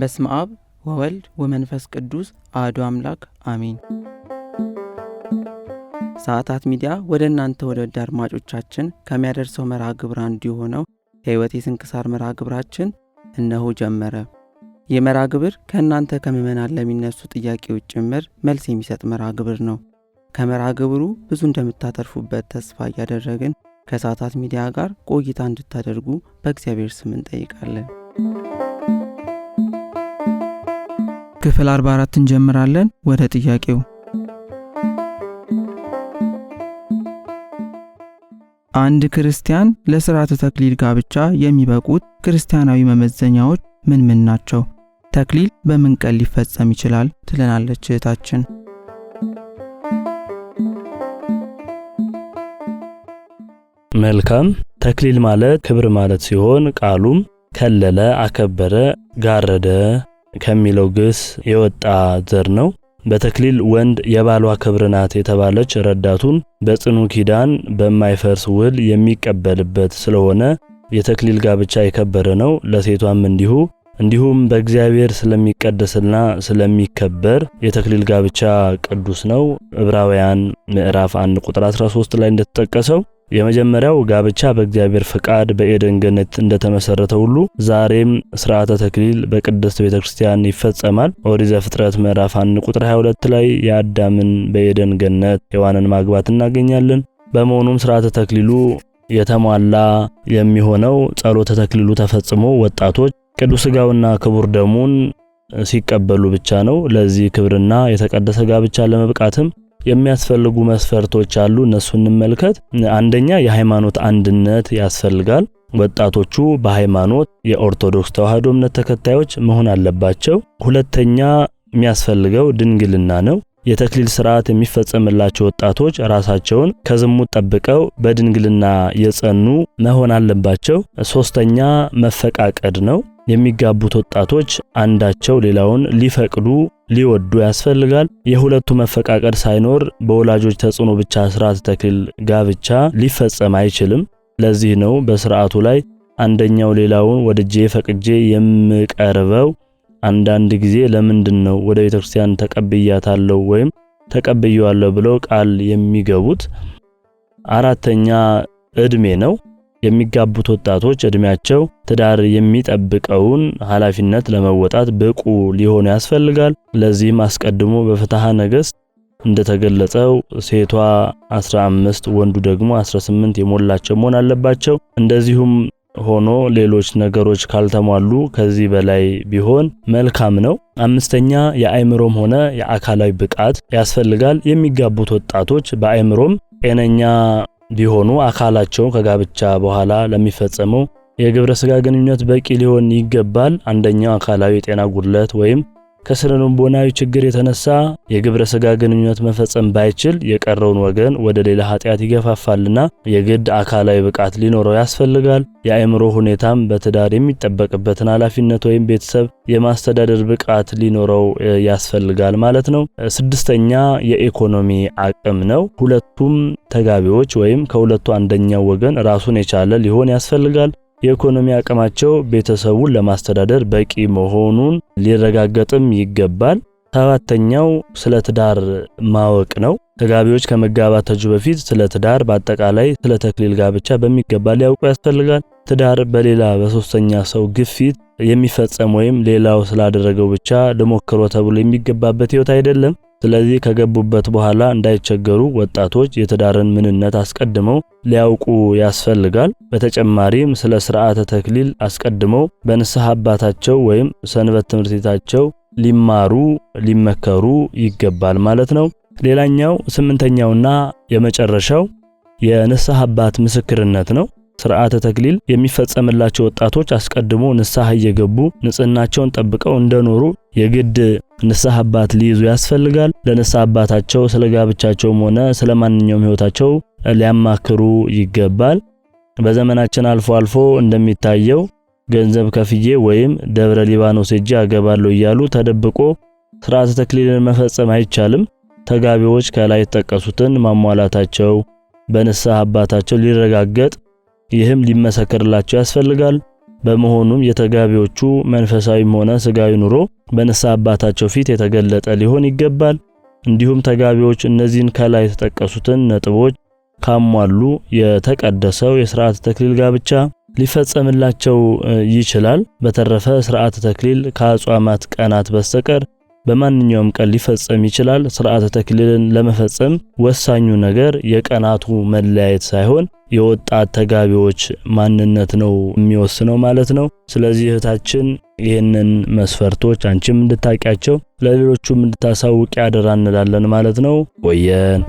በስመ አብ ወወልድ ወመንፈስ ቅዱስ አሐዱ አምላክ አሜን። ሰዓታት ሚዲያ ወደ እናንተ ወደ ወደ አድማጮቻችን ከሚያደርሰው መርሃ ግብር አንዱ የሆነው የሕይወት የስንክሳር መርሃ ግብራችን እነሆ ጀመረ። ይህ መርሃ ግብር ከእናንተ ከምዕመናን ለሚነሱ ጥያቄዎች ጭምር መልስ የሚሰጥ መርሃ ግብር ነው። ከመርሃ ግብሩ ብዙ እንደምታተርፉበት ተስፋ እያደረግን ከሰዓታት ሚዲያ ጋር ቆይታ እንድታደርጉ በእግዚአብሔር ስም እንጠይቃለን። ክፍል 44 እንጀምራለን። ወደ ጥያቄው አንድ ክርስቲያን ለሥርዓተ ተክሊል ጋብቻ የሚበቁት ክርስቲያናዊ መመዘኛዎች ምን ምን ናቸው? ተክሊል በምን ቀን ሊፈጸም ይችላል? ትለናለች እህታችን። መልካም። ተክሊል ማለት ክብር ማለት ሲሆን ቃሉም ከለለ፣ አከበረ፣ ጋረደ ከሚለው ግስ የወጣ ዘር ነው። በተክሊል ወንድ የባሏ ክብር ናት የተባለች ረዳቱን በጽኑ ኪዳን በማይፈርስ ውል የሚቀበልበት ስለሆነ የተክሊል ጋብቻ የከበረ ነው። ለሴቷም እንዲሁ እንዲሁም በእግዚአብሔር ስለሚቀደስና ስለሚከበር የተክሊል ጋብቻ ቅዱስ ነው። ዕብራውያን ምዕራፍ 1 ቁጥር 13 ላይ እንደተጠቀሰው የመጀመሪያው ጋብቻ በእግዚአብሔር ፈቃድ በኤደን ገነት እንደተመሰረተ ሁሉ ዛሬም ስርዓተ ተክሊል በቅድስት ቤተ ክርስቲያን ይፈጸማል። ኦሪት ዘፍጥረት ምዕራፍ 1 ቁጥር 22 ላይ የአዳምን በኤደን ገነት ሔዋንን ማግባት እናገኛለን። በመሆኑም ስርዓተ ተክሊሉ የተሟላ የሚሆነው ጸሎተ ተክሊሉ ተፈጽሞ ወጣቶች ቅዱስ ሥጋውና ክቡር ደሙን ሲቀበሉ ብቻ ነው። ለዚህ ክብርና የተቀደሰ ጋብቻ ለመብቃትም የሚያስፈልጉ መስፈርቶች አሉ። እነሱ እንመልከት። አንደኛ የሃይማኖት አንድነት ያስፈልጋል። ወጣቶቹ በሃይማኖት የኦርቶዶክስ ተዋህዶ እምነት ተከታዮች መሆን አለባቸው። ሁለተኛ የሚያስፈልገው ድንግልና ነው። የተክሊል ስርዓት የሚፈጸምላቸው ወጣቶች ራሳቸውን ከዝሙት ጠብቀው በድንግልና የጸኑ መሆን አለባቸው። ሶስተኛ መፈቃቀድ ነው። የሚጋቡት ወጣቶች አንዳቸው ሌላውን ሊፈቅዱ ሊወዱ ያስፈልጋል። የሁለቱ መፈቃቀር ሳይኖር በወላጆች ተጽዕኖ ብቻ ስርዓት ተክል ጋብቻ ሊፈጸም አይችልም። ለዚህ ነው በስርዓቱ ላይ አንደኛው ሌላውን ወድጄ ፈቅጄ የምቀርበው። አንዳንድ ጊዜ ለምንድን ነው ወደ ቤተክርስቲያን ተቀብያታለሁ ወይም ተቀብየዋለሁ ብለው ቃል የሚገቡት? አራተኛ እድሜ ነው። የሚጋቡት ወጣቶች እድሜያቸው ትዳር የሚጠብቀውን ኃላፊነት ለመወጣት ብቁ ሊሆኑ ያስፈልጋል። ለዚህም አስቀድሞ በፍትሐ ነገሥት እንደተገለጸው ሴቷ 15 ወንዱ ደግሞ 18 የሞላቸው መሆን አለባቸው። እንደዚሁም ሆኖ ሌሎች ነገሮች ካልተሟሉ ከዚህ በላይ ቢሆን መልካም ነው። አምስተኛ የአእምሮም ሆነ የአካላዊ ብቃት ያስፈልጋል። የሚጋቡት ወጣቶች በአእምሮም ጤነኛ ቢሆኑ አካላቸው ከጋብቻ በኋላ ለሚፈጸመው የግብረ ስጋ ግንኙነት በቂ ሊሆን ይገባል። አንደኛው አካላዊ የጤና ጉድለት ወይም ከስነልቦናዊ ችግር የተነሳ የግብረ ስጋ ግንኙነት መፈጸም ባይችል የቀረውን ወገን ወደ ሌላ ኃጢአት ይገፋፋልና የግድ አካላዊ ብቃት ሊኖረው ያስፈልጋል። የአእምሮ ሁኔታም በትዳር የሚጠበቅበትን ኃላፊነት ወይም ቤተሰብ የማስተዳደር ብቃት ሊኖረው ያስፈልጋል ማለት ነው። ስድስተኛ የኢኮኖሚ አቅም ነው። ሁለቱም ተጋቢዎች ወይም ከሁለቱ አንደኛው ወገን ራሱን የቻለ ሊሆን ያስፈልጋል። የኢኮኖሚ አቅማቸው ቤተሰቡን ለማስተዳደር በቂ መሆኑን ሊረጋገጥም ይገባል። ሰባተኛው ስለ ትዳር ማወቅ ነው። ተጋቢዎች ከመጋባታቸው በፊት ስለ ትዳር፣ በአጠቃላይ ስለ ተክሊል ጋብቻ በሚገባ ሊያውቁ ያስፈልጋል። ትዳር በሌላ በሶስተኛ ሰው ግፊት የሚፈጸም ወይም ሌላው ስላደረገው ብቻ ልሞክሮ ተብሎ የሚገባበት ህይወት አይደለም። ስለዚህ ከገቡበት በኋላ እንዳይቸገሩ ወጣቶች የትዳርን ምንነት አስቀድመው ሊያውቁ ያስፈልጋል። በተጨማሪም ስለ ስርዓተ ተክሊል አስቀድመው በንስሐ አባታቸው ወይም ሰንበት ትምህርት ቤታቸው ሊማሩ ሊመከሩ ይገባል ማለት ነው። ሌላኛው ስምንተኛውና የመጨረሻው የንስሐ አባት ምስክርነት ነው። ስርዓተ ተክሊል የሚፈጸምላቸው ወጣቶች አስቀድሞ ንስሐ እየገቡ ንጽህናቸውን ጠብቀው እንደኖሩ የግድ ንስሐ አባት ሊይዙ ያስፈልጋል። ለንስሐ አባታቸው ስለ ጋብቻቸውም ሆነ ስለ ማንኛውም ሊያማክሩ ይገባል። በዘመናችን አልፎ አልፎ እንደሚታየው ገንዘብ ከፍዬ ወይም ደብረ ሊባኖስ ሄጄ አገባለሁ እያሉ ተደብቆ ስርዓተ ተክሊልን መፈጸም አይቻልም። ተጋቢዎች ከላይ የተጠቀሱትን ማሟላታቸው በንስሐ አባታቸው ሊረጋገጥ ይህም ሊመሰከርላቸው ያስፈልጋል። በመሆኑም የተጋቢዎቹ መንፈሳዊም ሆነ ስጋዊ ኑሮ በንስሐ አባታቸው ፊት የተገለጠ ሊሆን ይገባል። እንዲሁም ተጋቢዎች እነዚህን ከላይ የተጠቀሱትን ነጥቦች ካሟሉ የተቀደሰው የስርዓተ ተክሊል ጋብቻ ሊፈጸምላቸው ይችላል። በተረፈ ስርዓተ ተክሊል ከአጽዋማት ቀናት በስተቀር በማንኛውም ቀን ሊፈጸም ይችላል። ስርዓተ ተክሊልን ለመፈጸም ወሳኙ ነገር የቀናቱ መለያየት ሳይሆን የወጣት ተጋቢዎች ማንነት ነው የሚወስነው ማለት ነው። ስለዚህ እህታችን ይህንን መስፈርቶች አንቺም እንድታቂያቸው ለሌሎቹም እንድታሳውቂ ያደራ እንላለን ማለት ነው። ወየን